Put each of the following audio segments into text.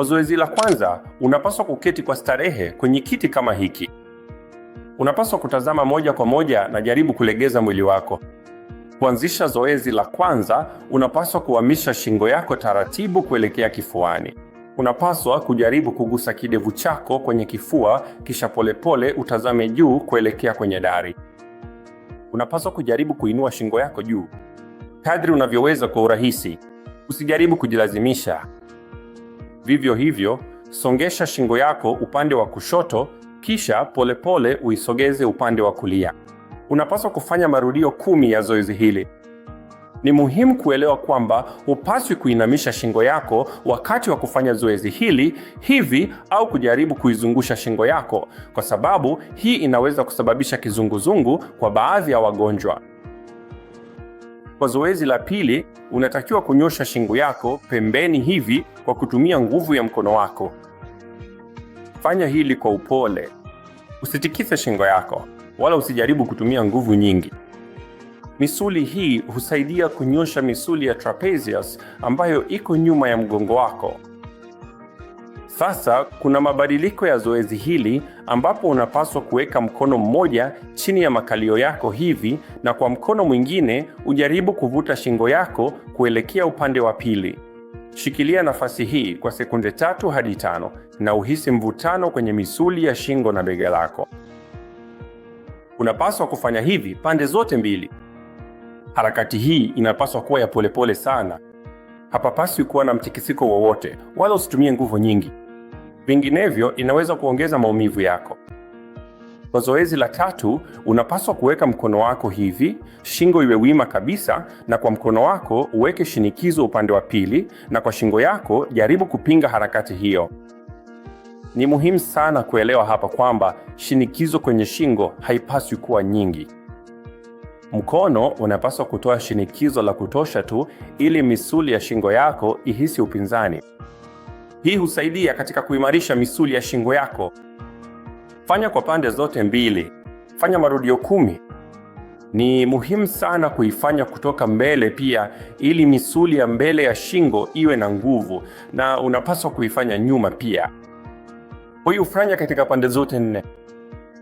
Kwa zoezi la kwanza, unapaswa kuketi kwa starehe kwenye kiti kama hiki. Unapaswa kutazama moja kwa moja na jaribu kulegeza mwili wako. Kuanzisha zoezi la kwanza, unapaswa kuhamisha shingo yako taratibu kuelekea kifuani. Unapaswa kujaribu kugusa kidevu chako kwenye kifua, kisha polepole pole utazame juu kuelekea kwenye dari. Unapaswa kujaribu kuinua shingo yako juu kadri unavyoweza kwa urahisi. Usijaribu kujilazimisha. Vivyo hivyo, songesha shingo yako upande wa kushoto, kisha polepole pole uisogeze upande wa kulia. Unapaswa kufanya marudio kumi ya zoezi hili. Ni muhimu kuelewa kwamba hupaswi kuinamisha shingo yako wakati wa kufanya zoezi hili hivi au kujaribu kuizungusha shingo yako, kwa sababu hii inaweza kusababisha kizunguzungu kwa baadhi ya wagonjwa. Kwa zoezi la pili, unatakiwa kunyosha shingo yako pembeni hivi kwa kutumia nguvu ya mkono wako. Fanya hili kwa upole, usitikise shingo yako wala usijaribu kutumia nguvu nyingi. Misuli hii husaidia kunyosha misuli ya trapezius ambayo iko nyuma ya mgongo wako. Sasa kuna mabadiliko ya zoezi hili ambapo unapaswa kuweka mkono mmoja chini ya makalio yako hivi na kwa mkono mwingine ujaribu kuvuta shingo yako kuelekea upande wa pili. Shikilia nafasi hii kwa sekunde tatu hadi tano na uhisi mvutano kwenye misuli ya shingo na bega lako. Unapaswa kufanya hivi pande zote mbili. Harakati hii inapaswa kuwa ya polepole sana. Hapapaswi kuwa na mtikisiko wowote, wala usitumie nguvu nyingi vinginevyo inaweza kuongeza maumivu yako. Kwa zoezi la tatu, unapaswa kuweka mkono wako hivi, shingo iwe wima kabisa, na kwa mkono wako uweke shinikizo upande wa pili, na kwa shingo yako jaribu kupinga harakati hiyo. Ni muhimu sana kuelewa hapa kwamba shinikizo kwenye shingo haipaswi kuwa nyingi. Mkono unapaswa kutoa shinikizo la kutosha tu ili misuli ya shingo yako ihisi upinzani. Hii husaidia katika kuimarisha misuli ya shingo yako. Fanya kwa pande zote mbili. Fanya marudio kumi. Ni muhimu sana kuifanya kutoka mbele pia, ili misuli ya mbele ya shingo iwe na nguvu, na unapaswa kuifanya nyuma pia. hiyo fanya katika pande zote nne.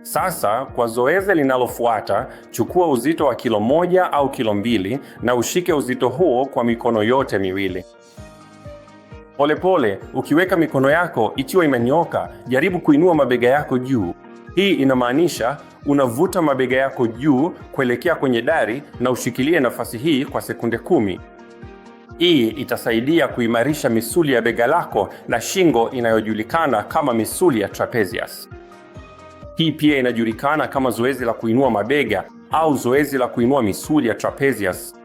Sasa kwa zoezi linalofuata, chukua uzito wa kilo moja au kilo mbili na ushike uzito huo kwa mikono yote miwili. Polepole ukiweka mikono yako ikiwa imenyoka, jaribu kuinua mabega yako juu. Hii inamaanisha unavuta mabega yako juu kuelekea kwenye dari na ushikilie nafasi hii kwa sekunde kumi. Hii itasaidia kuimarisha misuli ya bega lako na shingo inayojulikana kama misuli ya trapezius. Hii pia inajulikana kama zoezi la kuinua mabega au zoezi la kuinua misuli ya trapezius.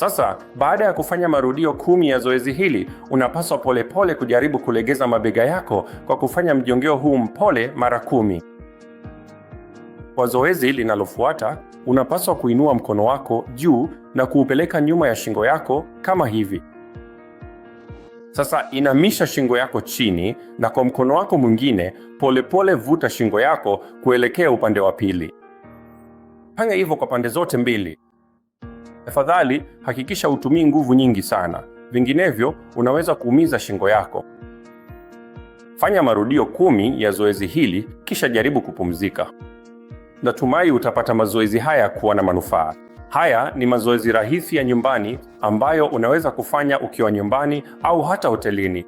Sasa baada ya kufanya marudio kumi ya zoezi hili, unapaswa polepole kujaribu kulegeza mabega yako kwa kufanya mjongeo huu mpole mara kumi. Kwa zoezi linalofuata, unapaswa kuinua mkono wako juu na kuupeleka nyuma ya shingo yako kama hivi. Sasa inamisha shingo yako chini na kwa mkono wako mwingine polepole vuta shingo yako kuelekea upande wa pili. Fanya hivyo kwa pande zote mbili. Tafadhali hakikisha hutumii nguvu nyingi sana, vinginevyo unaweza kuumiza shingo yako. Fanya marudio kumi ya zoezi hili kisha jaribu kupumzika. Natumai utapata mazoezi haya kuwa na manufaa. Haya ni mazoezi rahisi ya nyumbani ambayo unaweza kufanya ukiwa nyumbani au hata hotelini.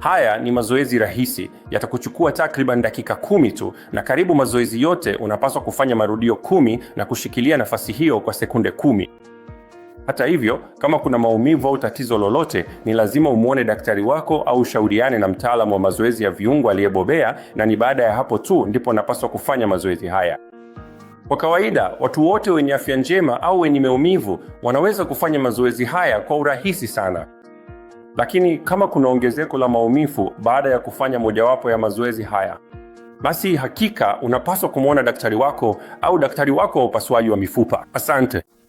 Haya ni mazoezi rahisi, yatakuchukua takriban dakika kumi tu, na karibu mazoezi yote unapaswa kufanya marudio kumi na kushikilia nafasi hiyo kwa sekunde kumi. Hata hivyo, kama kuna maumivu au tatizo lolote, ni lazima umwone daktari wako au ushauriane na mtaalamu wa mazoezi ya viungo aliyebobea, na ni baada ya hapo tu ndipo unapaswa kufanya mazoezi haya. Kwa kawaida, watu wote wenye afya njema au wenye maumivu wanaweza kufanya mazoezi haya kwa urahisi sana. Lakini kama kuna ongezeko la maumivu baada ya kufanya mojawapo ya mazoezi haya, basi hakika unapaswa kumwona daktari wako au daktari wako wa upasuaji wa mifupa. Asante.